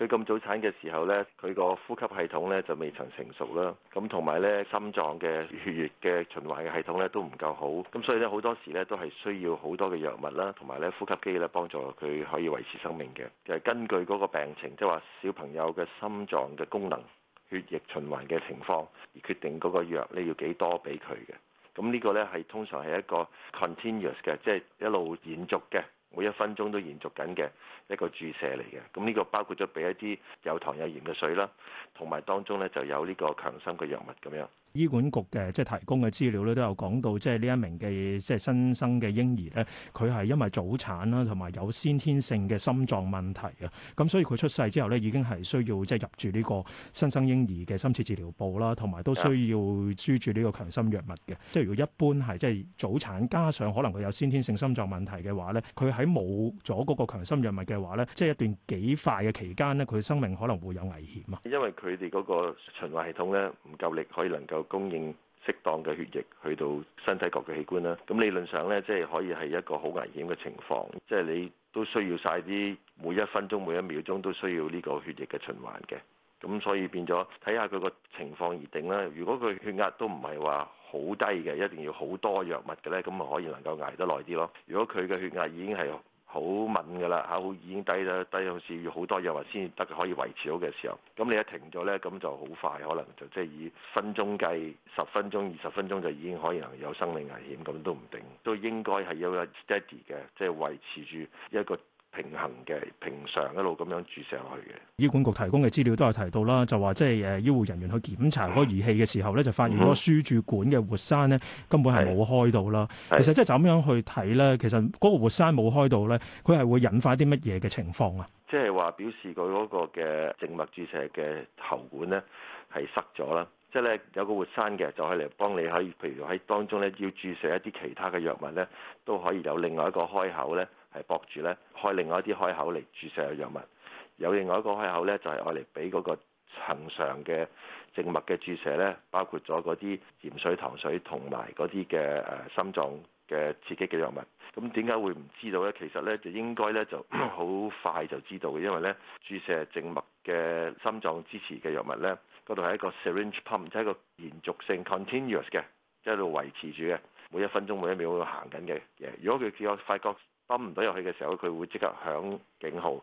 佢咁早產嘅時候呢，佢個呼吸系統呢就未曾成熟啦，咁同埋呢，心臟嘅血液嘅循環嘅系統呢都唔夠好，咁所以呢，好多時呢都係需要好多嘅藥物啦，同埋呢呼吸機呢幫助佢可以維持生命嘅。其實根據嗰個病情，即係話小朋友嘅心臟嘅功能、血液循環嘅情況而決定嗰個藥呢要幾多俾佢嘅。咁呢個呢係通常係一個 continuous 嘅，即係一路延續嘅。每一分鐘都延續緊嘅一個注射嚟嘅，咁呢個包括咗俾一啲有糖有鹽嘅水啦，同埋當中呢就有呢個強心嘅藥物咁樣。醫管局嘅即係提供嘅資料咧，都有講到即係呢一名嘅即係新生嘅嬰兒咧，佢係因為早產啦，同埋有先天性嘅心臟問題啊。咁所以佢出世之後咧，已經係需要即係入住呢個新生嬰兒嘅深切治療部啦，同埋都需要輸注呢個強心藥物嘅。即係如果一般係即係早產加上可能佢有先天性心臟問題嘅話咧，佢喺冇咗嗰個強心藥物嘅話咧，即係一段幾快嘅期間咧，佢生命可能會有危險啊。因為佢哋嗰個循環系統咧唔夠力，可以能夠，供應適當嘅血液去到身體各嘅器官啦，咁理論上呢，即係可以係一個好危險嘅情況，即係你都需要晒啲每一分鐘每一秒鐘都需要呢個血液嘅循環嘅，咁所以變咗睇下佢個情況而定啦。如果佢血壓都唔係話好低嘅，一定要好多藥物嘅呢，咁咪可以能夠捱得耐啲咯。如果佢嘅血壓已經係好敏㗎啦，嚇，已經低咗，低到好似要好多藥物先得可以維持到嘅時候，咁你一停咗呢，咁就好快，可能就即係以分鐘計，十分鐘、二十分鐘就已經可能有生命危險，咁都唔定，都應該係有個 steady 嘅，即係維持住一個平衡嘅，平常一路咁樣注射入去嘅。醫管局提供嘅資料都有提到啦，就話即係誒醫護人員去檢查嗰個儀器嘅時候咧，就發現嗰個輸注管嘅活栓咧根本係冇開到啦。其實即係咁樣去睇咧，其實嗰個活栓冇開到咧，佢係會引發啲乜嘢嘅情況啊？即係話表示佢嗰個嘅靜脈注射嘅喉管咧係塞咗啦。即係咧，有個活栓嘅，就係嚟幫你可以，譬如喺當中咧要注射一啲其他嘅藥物咧，都可以有另外一個開口咧，係駁住咧開另外一啲開口嚟注射嘅藥物，有另外一個開口咧就係用嚟俾嗰個。恆常嘅靜脈嘅注射咧，包括咗嗰啲鹽水、糖水同埋嗰啲嘅誒心臟嘅刺激嘅藥物。咁點解會唔知道呢？其實呢，就應該呢就好 快就知道嘅，因為呢注射靜脈嘅心臟支持嘅藥物呢，嗰度係一個 syringe pump，即係一個連續性 continuous 嘅，即係度維持住嘅，每一分鐘、每一秒度行緊嘅嘢。如果佢有發覺泵唔到入去嘅時候，佢會即刻響警號，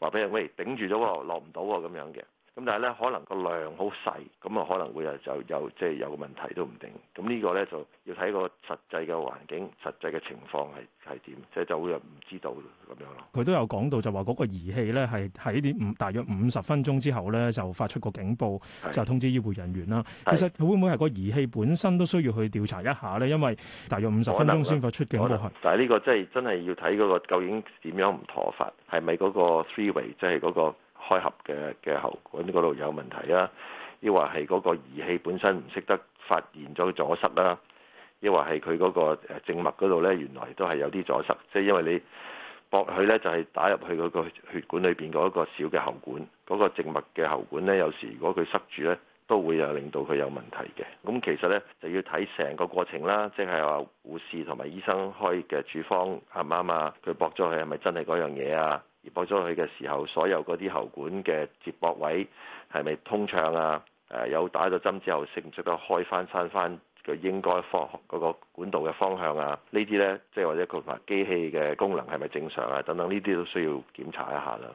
話俾人喂，頂住咗落唔到喎咁樣嘅。咁但係咧，可能個量好細，咁啊可能會有有有即係有問題都唔定。咁呢個咧就要睇個實際嘅環境、實際嘅情況係係點，即係就會又唔知道咁樣咯。佢都有講到就話嗰個儀器咧係喺啲五大約五十分鐘之後咧就發出個警報，就是通知醫護人員啦。是其實佢會唔會係個儀器本身都需要去調查一下咧？因為大約五十分鐘先發出警報。是但係呢個即係真係要睇嗰個究竟點樣唔妥法，係咪嗰個 three way 即係嗰個？開合嘅嘅喉管嗰度有問題啊，抑或係嗰個儀器本身唔識得發現咗阻塞啦，抑或係佢嗰個靜脈嗰度呢，原來都係有啲阻塞，即係因為你駁佢呢，就係打入去嗰個血管裏邊嗰個小嘅喉管，嗰個靜脈嘅喉管呢，有時如果佢塞住呢，都會有令到佢有問題嘅。咁其實呢，就要睇成個過程啦，即係話護士同埋醫生開嘅處方啱唔啱啊？佢駁咗佢係咪真係嗰樣嘢啊？播咗去嘅時候，所有嗰啲喉管嘅接駁位係咪通暢啊？誒、呃，有打咗針之後，識唔識得開翻閂翻佢應該放嗰個管道嘅方向啊？呢啲呢，即係或者佢話機器嘅功能係咪正常啊？等等呢啲都需要檢查一下啦。